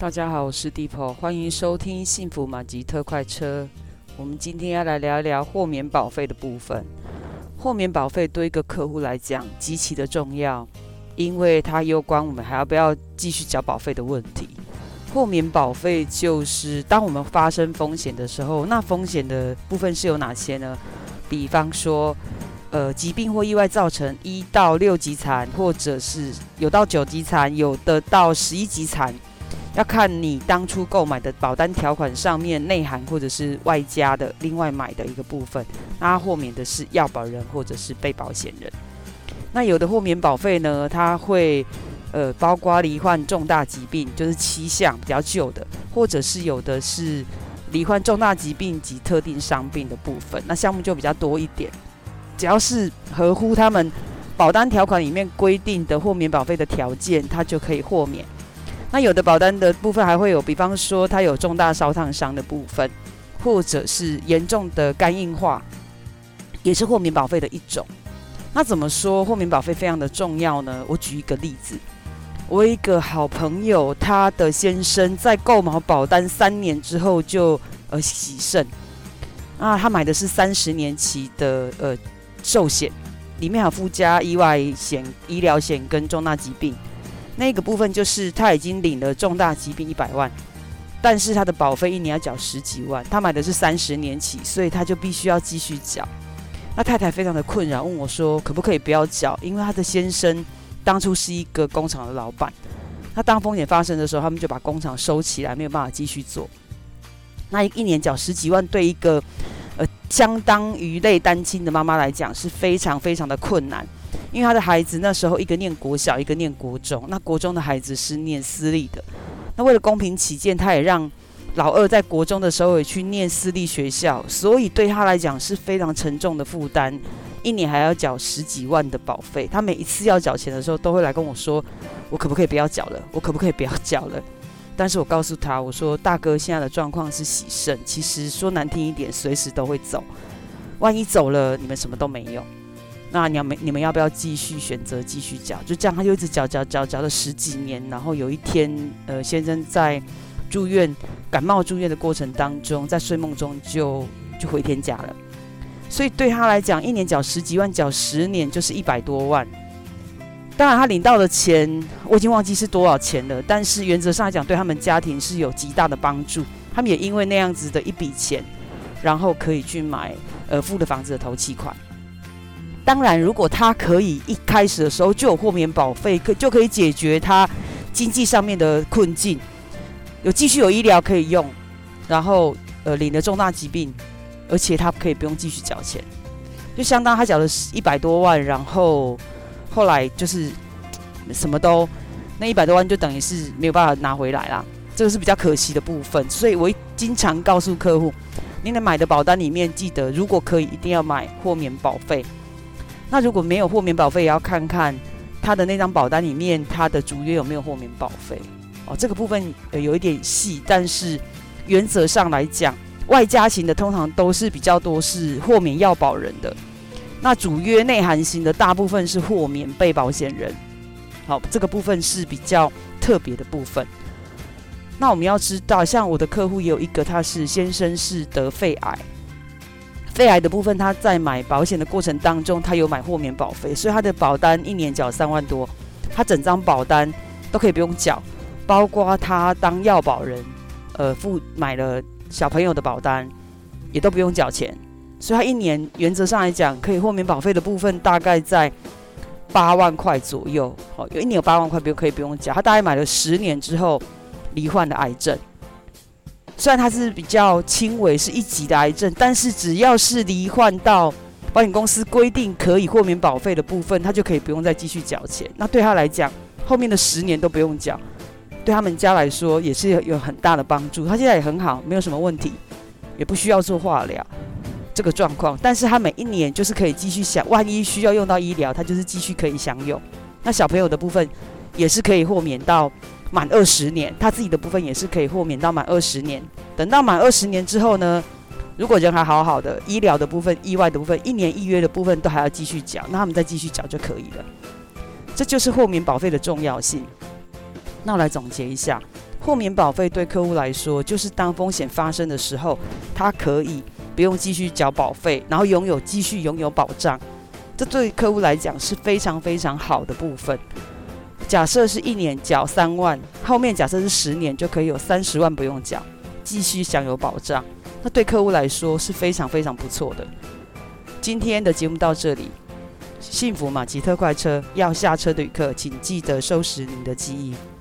大家好，我是 Dipo，歡迎收聽幸福滿級特快車。我們今天要來聊一聊豁免保費的部分。豁免保費對一個客戶來講極其的重要，因為它攸關我們還要不要繼續繳保費的問題。豁免保費就是當我們發生風險的時候，那風險的部分是有哪些呢？比方說，呃，疾病或意外造成一到六級殘，或者是有到九級殘，有的到十一級殘。要看你當初購買的保單條款上面內含，或者是外加的另外買的一個部分，那豁免的是要保人或者是被保險人。那有的豁免保費呢，它會呃包括罹患重大疾病，就是七項比較舊的，或者是有的是罹患重大疾病及特定傷病的部分，那項目就比較多一點。只要是合乎他們保單條款裡面規定的豁免保費的條件，它就可以豁免。那有的保單的部分還會有，比方說它有重大燒燙傷的部分，或者是嚴重的肝硬化，也是豁免保費的一種。那怎麼說豁免保費非常的重要呢？我舉一個例子，我一個好朋友，他的先生在購買保單三年之後就呃洗腎，那他買的是三十年期的呃壽險，裡面還附加意外險、醫療險跟重大疾病。那個部分就是他已經領了重大疾病一百萬，但是他的保費一年要繳十幾萬，他買的是三十年期，所以他就必須要繼續繳。那太太非常的困擾，問我說可不可以不要繳？因為他的先生當初是一個工廠的老闆，那當風險發生的時候，他們就把工廠收起來，沒有辦法繼續做。那一年繳十幾萬，對一個呃相當於類單親的媽媽來講是非常非常的困難。因為他的孩子那時候一個念國小，一個念國中，那國中的孩子是念私立的。那為了公平起見，他也讓老二在國中的時候也去念私立學校，所以對他來講是非常沉重的負擔，一年還要繳十幾萬的保費。他每一次要繳錢的時候，都會來跟我說：“我可不可以不要繳了？我可不可以不要繳了？”但是我告訴他，我說：“大哥，現在的狀況是洗腎，其實說難聽一點，隨時都會走。萬一走了，你們什麼都沒有。”那你們你們要不要繼續選擇繼續繳？就這樣，他就一直繳繳繳繳了十幾年。然後有一天，呃，先生在住院感冒住院的過程當中，在睡夢中就就回天家了。所以對他來講，一年繳十幾萬，繳十年就是一百多萬。當然，他領到的錢我已經忘記是多少錢了。但是原則上來講，對他們家庭是有極大的幫助。他們也因為那樣子的一筆錢，然後可以去買呃付的房子的頭期款。當然，如果他可以一開始的時候就有豁免保費，可就可以解決他經濟上面的困境，有繼續有醫療可以用，然後呃領了重大疾病，而且他可以不用繼續繳錢，就相當他繳了一百多萬，然後後來就是、呃、什麼都那一百多萬就等於是沒有辦法拿回來啦，這個是比較可惜的部分。所以我經常告訴客戶，您能買的保單裡面記得，如果可以，一定要買豁免保費。那如果沒有豁免保費，也要看看他的那張保單裡面他的主約有沒有豁免保費哦。這個部分呃有一點細，但是原則上來講，外加型的通常都是比較多是豁免要保人的，那主約內含型的大部分是豁免被保險人。好、哦，這個部分是比較特別的部分。那我們要知道，像我的客戶也有一個，他是先生是得肺癌。肺癌的部分，他在買保險的過程當中，他有買豁免保費，所以他的保單一年繳三萬多，他整張保單都可以不用繳，包括他當要保人，呃，付買了小朋友的保單，也都不用繳錢，所以他一年原則上來講，可以豁免保費的部分大概在八萬塊左右，好、喔，有一年有八萬塊，比如可以不用繳，他大概買了十年之後罹患了癌症。雖然他是比較輕微，是一級的癌症，但是只要是罹患到保險公司規定可以豁免保費的部分，他就可以不用再繼續繳錢。那對他來講，後面的十年都不用繳，對他們家來說也是有很大的幫助。他現在也很好，沒有什麼問題，也不需要做化療，這個狀況。但是他每一年就是可以繼續享，萬一需要用到醫療，他就是繼續可以享有。那小朋友的部分，也是可以豁免到。滿二十年，他自己的部分也是可以豁免到滿二十年。等到滿二十年之後呢，如果人還好好的，醫療的部分、意外的部分、一年一約的部分都還要繼續繳，那他們再繼續繳就可以了。這就是豁免保費的重要性。那我來總結一下，豁免保費對客戶來說，就是當風險發生的時候，他可以不用繼續繳保費，然後擁有繼續擁有保障。這對客戶來講是非常非常好的部分。假設是一年繳三萬，後面假設是十年就可以有三十萬不用繳，繼續享有保障。那對客戶來說是非常非常不錯的。今天的節目到這裡，幸福馬吉特快車要下車的旅客，請記得收拾你的記憶。